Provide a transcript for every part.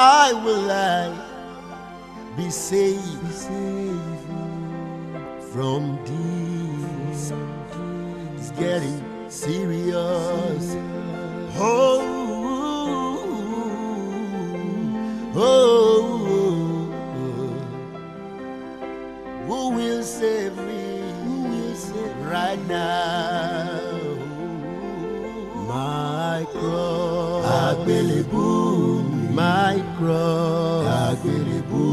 I will I be saved, be saved from this. It's getting serious. Oh, oh, oh, oh. who will save me? Who will save right now? My cross, I believe cross. Àgbélébù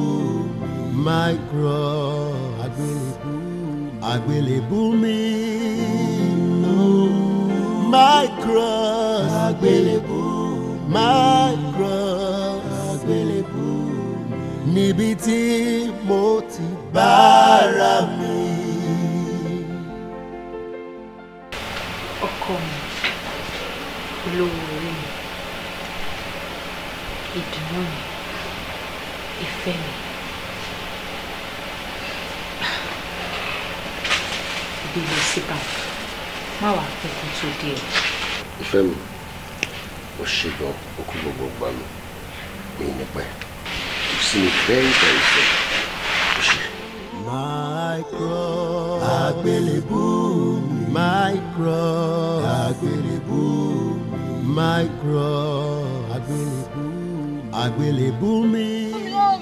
mi. My cross. Àgbélébù mi. Àgbélébù mi. My cross. My cross. Àgbélébù mi. Níbi tí mo bára mi. gbé lọ síbà má wàá pẹ́ kó tó dé o. ìfẹ́ mi ò ṣe gan okú gbogbo gbà mí mi ní pẹ́ kò sí mi very very soon kò ṣe. my cross àgbélébù my cross àgbélébù my cross àgbélébù mi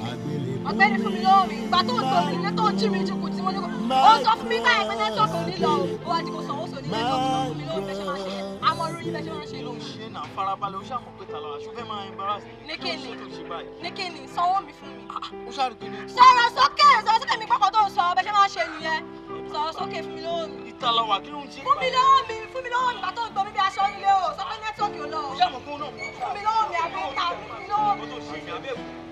mi ọ̀gbẹ́ni fún mi lóore ìgbà tó ń sọ mi nílé tó ń jí mi jù kù tí mo ní kò ó sọ fún mi báyìí pé nẹ́tọ̀ kò ní lọ ó wá di kò sanwó sọ nílé tó ń fún mi lóore bẹ́ẹ̀ ṣe máa ṣe àmọ́ orí bẹ́ẹ̀ ṣe máa ṣe lóore. ṣé náà farabalẹ̀ ó ṣàmọ̀ pé tàlọ́ àṣù fẹ́ máa embarrass mi. ní kíni ní kíni sanwó mi fún mi. Ah, ó ṣàrò pé ní. sọ̀rọ̀ sókè sọ̀rọ̀ sókè mi pọ́kọ̀ tó ń sọ bẹ́ẹ̀ máa ṣe nìyẹn sọ̀rọ̀ sókè fún mi lóore. ìtàlọ́wà kí ló ń ṣe. fún mi lọ́wọ́ mi fún mi lọ́wọ́ mi bàtọ́ ń gbọ́ bíbí aṣọ ilé o sọ pé nẹ́tíwọ́ọ̀kì ò lọ. fún mi lọ́wọ́ mi àbí ìta fún mi lọ́wọ́ mi.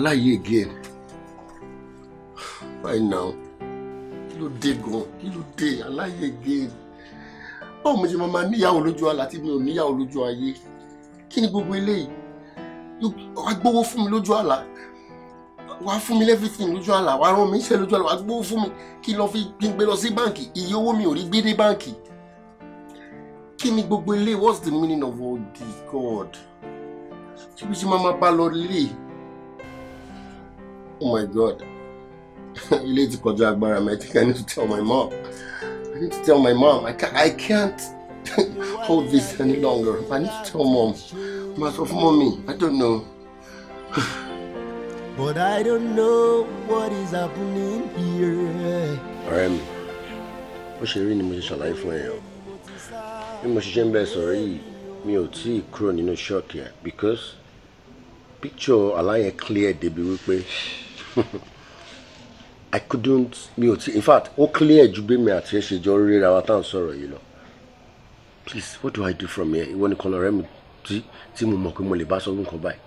aláyé again right now kí ló dé gan kí ló dé aláyé again báwo mo ṣe máa máa níyàwó lójú àlá tí mi ò níyàwó lójú ayé kí ni gbogbo eléyìí wàá gbowó fún mi lójú àlá wàá fún mi everything lójú àlá wàá rán mi iṣẹ́ lójú àlá wàá gbowó fún mi kí lọ fi gbé lọ sí báǹkì iye owó mi ò rí gbé dé báǹkì kí ni gbogbo eléyìí what's the meaning of all this God ṣé bí ṣe máa máa bá lọ lélẹ́yìí oh my god you need to kọjá agbára mi i think i need to tell my mom i need to tell my mom i can't, I can't hold this any longer i need to tell mom ma sọ fún i don't know. but i don't know what is happening here. ọ̀rẹ́ mi ó ṣe rí ni mo ṣe ṣàlàyé fún ẹ o bí mo ṣe ṣe ń because picture aláyẹn clear débi wípé. I couldn't mi ò ti in fact ó clear ju bí mi àti ẹ ṣe jọ ríra wa tá à ń sọ̀rọ̀ please what do I do from here ìwọ nìkan lọ̀rẹ́ mi tí tí mo mọ̀ pé mo lè bá sọ nǹkan báyìí.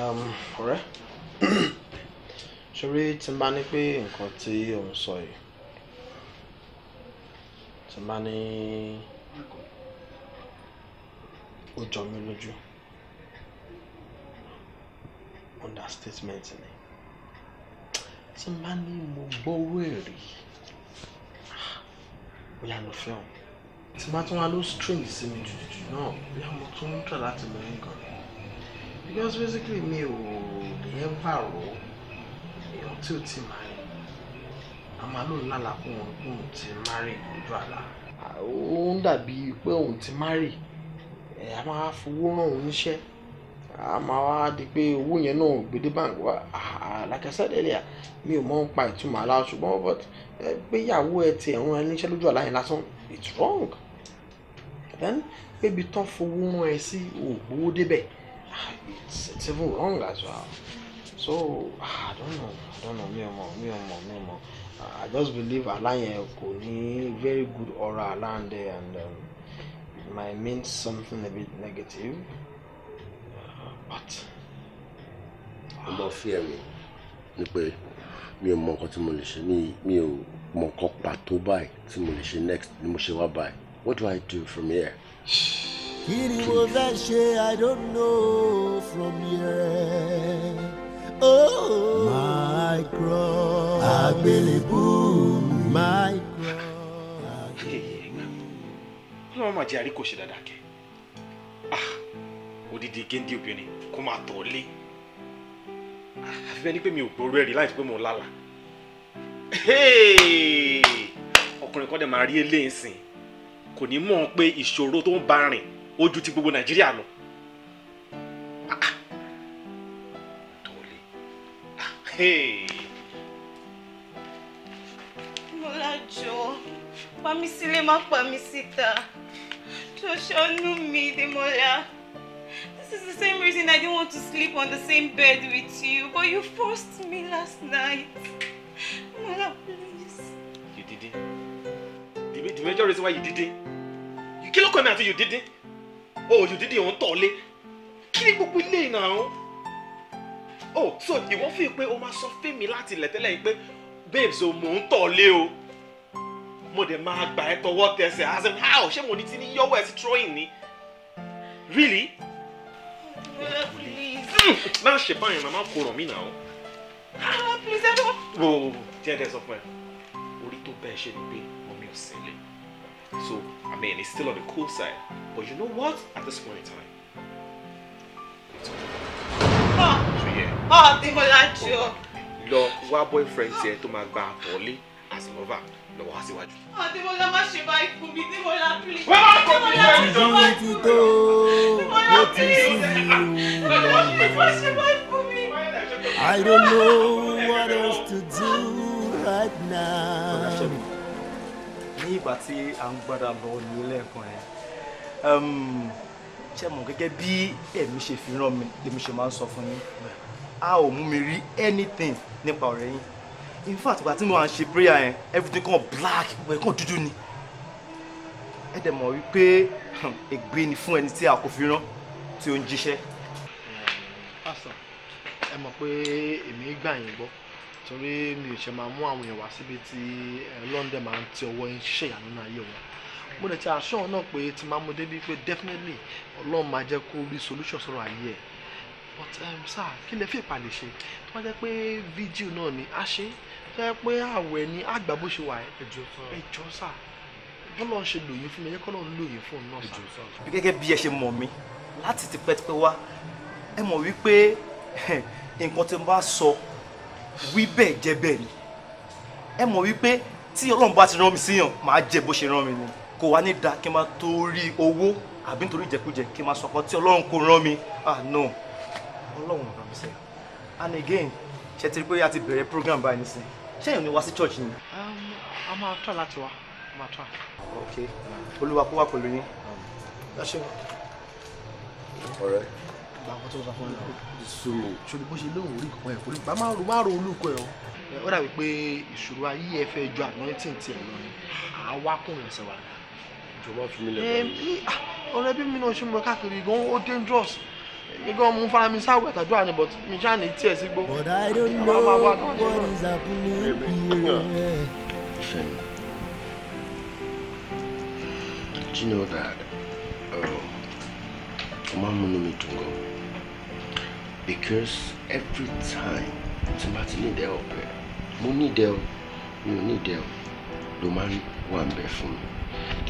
Um, ọ̀rẹ́ ṣorí tí n bá ní pé nǹkan tí ò sọ yìí tí n bá ní ó jọ lójú understatement ni tí n bá ní mo gbówó èrè bóyá mo fẹ́ o tí n bá tún wá ló string sí mi jùjù náà bóyá mo tún ń tọ̀ láti mọ nǹkan because basically mi ò ever rò èèyàn tí ò ti máa ń a máa lò lálàkùn òun kún òun ti márì lójú àlá òun dàbí pé òun ti márì ẹ̀ a máa fowó ràn òun níṣẹ́ àmọ́ wá di pé owó yẹn náà gbèdé báńkì wá like I said earlier mi ò mọ̀ ń pa ìtumọ̀ àlá but gbéyàwó ẹ ti ẹ̀rún ẹ níṣẹ́ lójú àlá yẹn lásán it's wrong then pébi tán fowó rán ẹ sí ògbówó débẹ̀ ah, it's it's even wrong as well so ah, I don't know I don't know mi ò mọ̀ mi ò mọ̀ mi ò mọ̀ I just believe àlá yẹn kò ní very good aura around and um, it might mean something a bit negative mo mọ fí ẹ̀mí ni pé mi ò mọ nǹkan tí mo lè ṣe mi ò mọ nǹkan pàtó báyìí tí mo lè ṣe next ni mo ṣe wá báyìí what do I do from here. kí ni mo fẹ́ ṣe I don't know from here. Oh, my cross. àgbélébù my cross. ọlọ́run máa jẹ́ àríkò ṣe dáadáa kẹ́ odidi géńdé obìnrin kó máa tọ̀ lé àfi bẹ́ẹ̀ ni pé mi ò gbòòrò ẹ̀rí láì pé mò ń lálà ọkùnrin kan dẹ̀ máa rí eléyìí sìn kò ní mọ̀ pé ìṣòro tó ń bá rìn ó ju ti gbogbo Nàìjíríà lọ. Mọ́lájọ́ pa mí sílé má pa mí síta tó ṣọ́nú mi dé mọ́lá. This is the same reason I didn't want to sleep on the same bed with you, but you forced me last night. Mother, please. You didn't. The, the major reason why you didn't. You kí ló kọ́ mi àti you didn't. Oh, you didn't òun tọ̀ lé. Kí ni gbogbo ilé yìí Oh, so you fi pé o máa sọ fún mi láti ilẹ̀ tẹ́lẹ̀ yìí pé babes o mò ń tọ̀ lé o. Mo dẹ̀ máa gbà as in how she mo ní ti ní yọ́wọ́ ẹ throwing me. Really? Mm, má ṣe báyìí màmá kò ràn mí nà Ah, please ẹ bọ́. wò ó jẹ́ ẹ̀dẹ̀ sọ fún ẹ orí tó bẹ́ẹ̀ ṣe ni pé omi ò so I mean it's still on the cool side but you know what at this point in time it's ah, okay. so yeah. ọ̀ ti mo lájú ọ. lọ wá boyfriend tiẹ̀ tó máa gba àtọ̀lé sí wọ́n fà lọ́wọ́ wá síwájú. àdébọlá ah, má ṣe bá ikú mi débọlá pílì. wọ́n máa kọ́ mi lẹ́nu mi. mo ti tó mo ti ṣe bá ikú mi. I don't know what else to do right now. ní ìgbà tí à ń gbọ́dọ̀ lọ ní lẹ́ẹ̀kan yẹn um, ṣe mọ̀ gẹ́gẹ́ bí ẹ̀mí ṣe fi ràn mí lèmi ṣe máa ń sọ fún yín a ò mú mi rí anything nípa ọ̀rẹ́ yín in fact ìgbà tí mo wà ń ṣe prayer yẹn everything kan black ìwẹ̀ kan dúdú ni ẹ dẹ̀ mọ̀ wípé ègbé ni fún ẹni tí a kò fi rán tí ó ń jíṣẹ́. pásítọ̀ ẹ mọ̀ pé èmi gbà yín gbọ́ torí mi ò ṣe máa mú àwọn èèyàn wá síbi tí London máa ń ti ọwọ́ ń ṣiṣẹ́ ìyànú náà yé wọn mo lè ti àṣọ náà pé ti máa mú débi pé definitely Ọlọ́run máa jẹ́ kó rí solution sọ̀rọ̀ ayé ẹ̀ but um, sir kí lè fi ìpàdé ṣe tó bá jẹ́ pé fídíò náà ni a ṣe é fẹ́ pé àwẹ̀ ni àgbà bó ṣe wà ẹ́ ẹjọ́ hmm. sà bọ́lá ń ṣe lòyìn fún mi ẹ̀kọ́ náà ń lòyìn fún un náà sà. gẹ́gẹ́ bí ẹ ṣe mọ̀ mi láti tipẹ́tipẹ́ wá ẹ mọ̀ wípé nǹkan tí mo bá sọ wí bẹ́ẹ̀ jẹ́ bẹ́ẹ̀ ni ẹ mọ̀ wípé tí ọlọ́run bá ti rán mi síyàn màá jẹ bó ṣe rán mi ni kò wá ní da kí n máa torí owó àbí nítorí ìjẹkújẹ kí n máa sọkọ tí ọlọ́run kò rán mi ah no ọlọ́run rán mi sẹ́yìn and again ṣe ti rí pé a ti bẹ̀rẹ̀ program báyìí nísìnyí ṣé èèyàn mi wá sí church ni. Um, a máa tọ́ láti wá a máa tọ́. ok olúwa kó wá pẹ̀lú yín. ẹ ṣe wọn. ọ̀rẹ́. ìgbà kan tó ń sọ fún mi kò sùn ṣòro bó ṣe lóun orí kan ẹ̀ kò ní bá máa ro máa ro olúkọ ẹ̀ o. ó dàbí pé ìṣòro ayé ẹ fẹ́ ju anointing tiẹ̀ lọ ni àá wá kùn ẹsẹ̀ wa. ìjọba fi mi lẹ̀ ah, báyìí. ọ̀rẹ́ bí mi náà ṣe mọ káàkiri gan-an ó dangerous mi gan mo fara mi sáwẹ̀ tàdúrà ni but mi ṣáà ní tiẹ̀ sí gbó. but i don't know what is happening did you know that ọmọ um, amúnú mi dùn gan because every time tí n bá ti ní ìdẹ́ ọ̀pẹ mo ní ìdẹ́ mi ò ní ìdẹ́ ló máa ń wà ń bẹ fún mi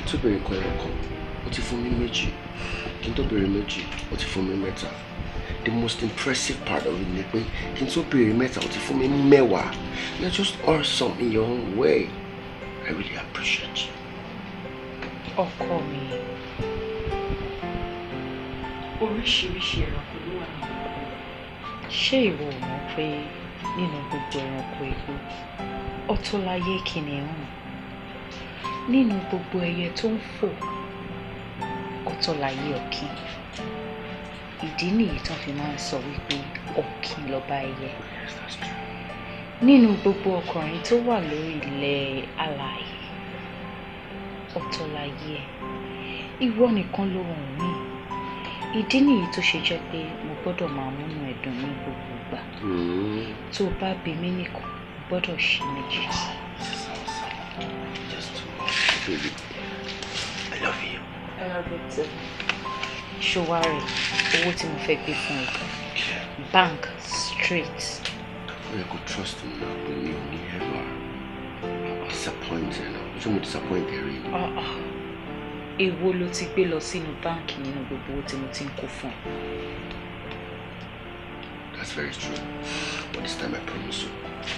ìtúbẹ̀rẹ̀ kan ẹ̀rọ kan ó ti fún mi méjì kí n tó béèrè méjì ó ti fún mi mẹ́ta the most impressive part of it ni pé kí n tó béèrè mẹ́ta ó ti fún mi mẹ́wàá you are just awesome in your own way I really appreciate you. ọkọ mi oríṣiríṣi ẹranko ló wà nínú ṣé ìwọ ò mọ̀ pé nínú gbogbo ẹranko igbó ọtún láyé kìnìún nínú gbogbo ẹyẹ tó ń fò ọ̀tọ̀ láyé ọ̀kín ìdí nìyí tó fi máa ń sọ wípé ọ̀kín lọ́ba ẹyẹ nínú gbogbo ọkùnrin tó wà lórí ilẹ̀ alààyè ọ̀tọ̀ láyé ẹ̀ ìwọ nìkan ló hùn mí ìdí nìyí tó ṣe jẹ́ pé mo gbọ́dọ̀ máa múnú ẹ̀dùn ní gbogbo ìgbà hmm. tó o bá bí mi nìkan gbọ́dọ̀ ṣe méjì ẹrọtì ṣòwárẹ owó tí mo fẹ́ gbé fún ẹ bank straight. ó yẹ kó trust me, náà pé mi ò ní ẹ̀rọ disappoint ẹ náà ṣé mo disappoint ẹ rí. Ah, ah. èwo ló ti gbé lọ sínú báǹkì nínú gbogbo owó tí mo ti ń kó fún ẹ. that's very true but this time I promise you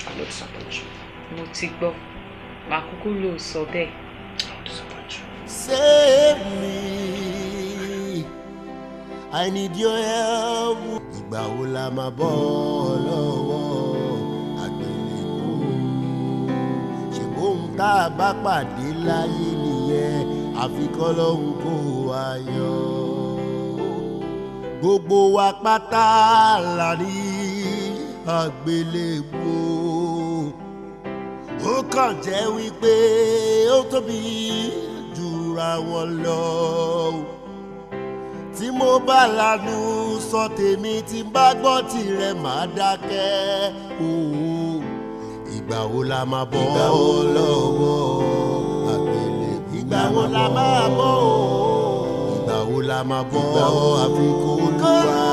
I'm not disappoint you. mo ti gbọ́ màá kúkú lò ó sọ bẹ́ẹ̀. I disappoint you me. I need your help. Ìgbà wo la máa bọ́ ọ lọ́wọ́ àgbélébó? Ṣé bóun tá a bá pàdé láyé nìyẹn? Àfi kọ́lọ́hún kó wa yọ. Gbogbo wa pátá la ní àgbélébó ó kàn jẹ́ wípé ó tóbi wọn lọ o tí mo bá lanu sọ tèmi tí n bá gbọ́ tirẹ̀ máa dákẹ́ òun ìgbà wo la máa bọ́ ìgbà wo lọ́wọ́ àgbélé ìgbà wo la máa bọ́ ìgbà wo la máa bọ́ àfikún wa.